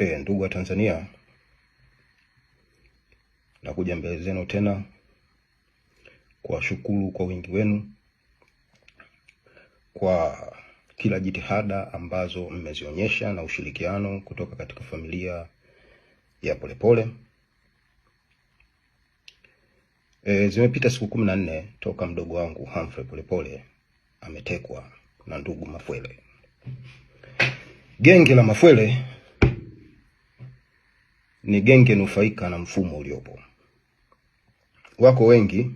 E, ndugu wa Tanzania, nakuja mbele zenu tena kuwashukuru kwa wingi wenu kwa kila jitihada ambazo mmezionyesha na ushirikiano kutoka katika familia ya Polepole. E, zimepita siku kumi na nne toka mdogo wangu Humphrey Polepole ametekwa na ndugu Mafwele. Genge la Mafwele ni genge nufaika na mfumo uliopo. Wako wengi,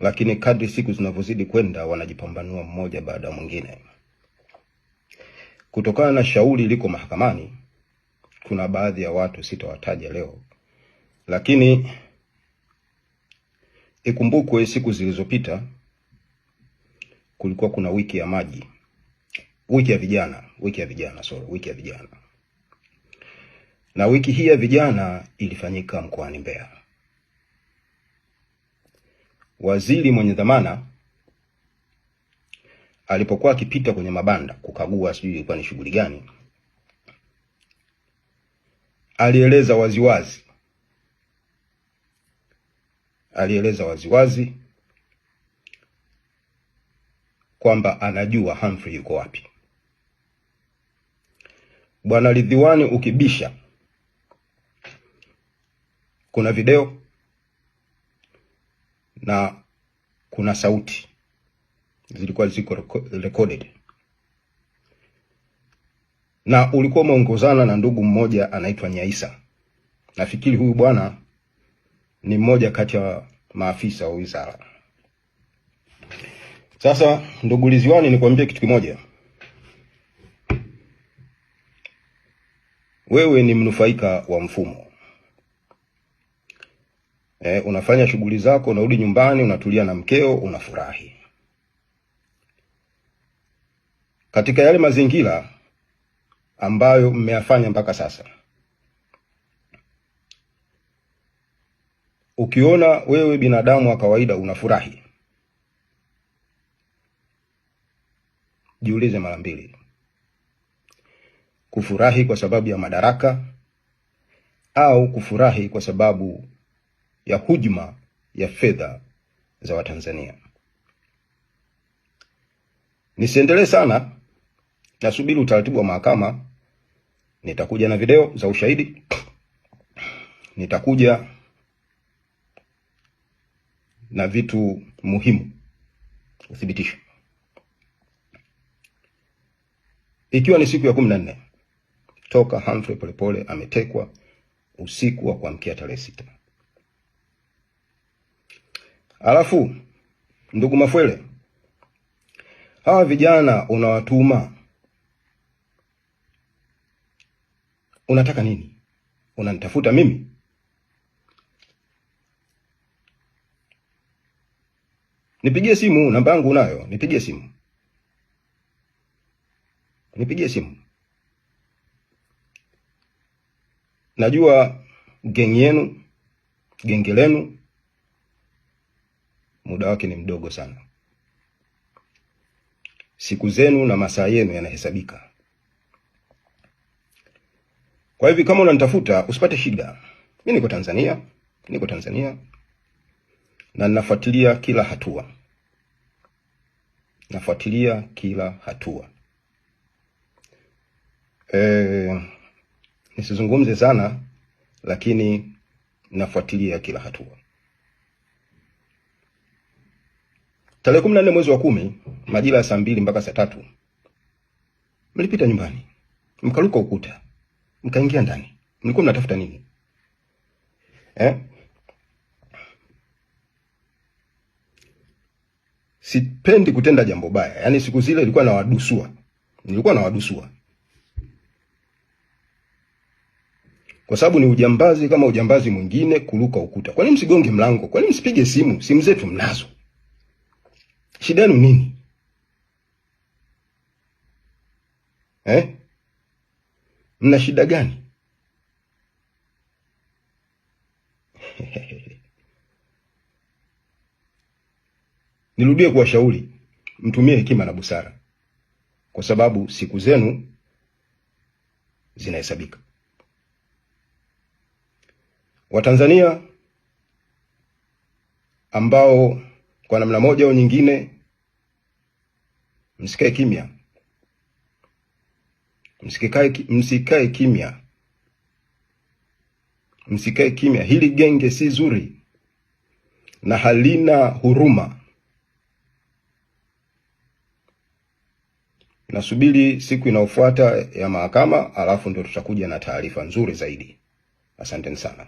lakini kadri siku zinavyozidi kwenda wanajipambanua mmoja baada ya mwingine. Kutokana na shauri liko mahakamani, kuna baadhi ya watu sitawataja leo, lakini ikumbukwe, siku zilizopita kulikuwa kuna wiki ya maji, wiki ya vijana, wiki ya vijana sorry, wiki ya vijana na wiki hii ya vijana ilifanyika mkoani Mbeya. Waziri mwenye dhamana alipokuwa akipita kwenye mabanda kukagua, sijui ilikuwa ni shughuli gani, alieleza waziwazi alieleza waziwazi kwamba anajua Humphrey yuko wapi. Bwana Ridhiwani, ukibisha kuna video na kuna sauti zilikuwa ziko recorded, na ulikuwa umeongozana na ndugu mmoja anaitwa Nyaisa. Nafikiri huyu bwana ni mmoja kati ya maafisa wa wizara. Sasa ndugu Liziwani, nikwambie kitu kimoja, wewe ni mnufaika wa mfumo eh, unafanya shughuli zako, unarudi nyumbani, unatulia na mkeo, unafurahi. Katika yale mazingira ambayo mmeyafanya mpaka sasa, ukiona wewe binadamu wa kawaida unafurahi, jiulize mara mbili. Kufurahi kwa sababu ya madaraka au kufurahi kwa sababu ya hujuma ya fedha za Watanzania. Nisiendelee sana, nasubiri utaratibu wa mahakama. Nitakuja na video za ushahidi, nitakuja na vitu muhimu uthibitisho. Ikiwa ni siku ya kumi na nne toka Humphrey Polepole ametekwa usiku wa kuamkia tarehe sita. Alafu ndugu Mafwele, hawa vijana unawatuma, unataka nini? Unanitafuta mimi? Nipigie simu, namba yangu unayo, nipigie simu, nipigie simu. Najua geng yenu, genge lenu muda wake ni mdogo sana. Siku zenu na masaa yenu yanahesabika. Kwa hivyo kama unanitafuta usipate shida, mi niko Tanzania, niko Tanzania na ninafuatilia kila hatua, nafuatilia kila hatua. E, nisizungumze sana, lakini nafuatilia kila hatua. Tarehe kumi na nne mwezi wa kumi majira ya saa mbili mpaka saa tatu mlipita nyumbani mkaruka ukuta mkaingia ndani. Mlikuwa mnatafuta nini eh? Sipendi kutenda jambo baya, yaani siku zile ilikuwa nawadusua, nilikuwa nawadusua kwa sababu ni ujambazi kama ujambazi mwingine kuruka ukuta. Kwa nini msigonge mlango? Kwa nini msipige simu? Simu zetu mnazo. Shida yenu nini eh? Mna shida gani? Nirudie kuwashauri mtumie hekima na busara, kwa sababu siku zenu zinahesabika. Watanzania ambao kwa namna moja au nyingine, msikae kimya, msikae msikae kimya, msikae kimya. Hili genge si zuri na halina huruma. Nasubiri siku inayofuata ya mahakama, alafu ndio tutakuja na taarifa nzuri zaidi. Asanteni sana.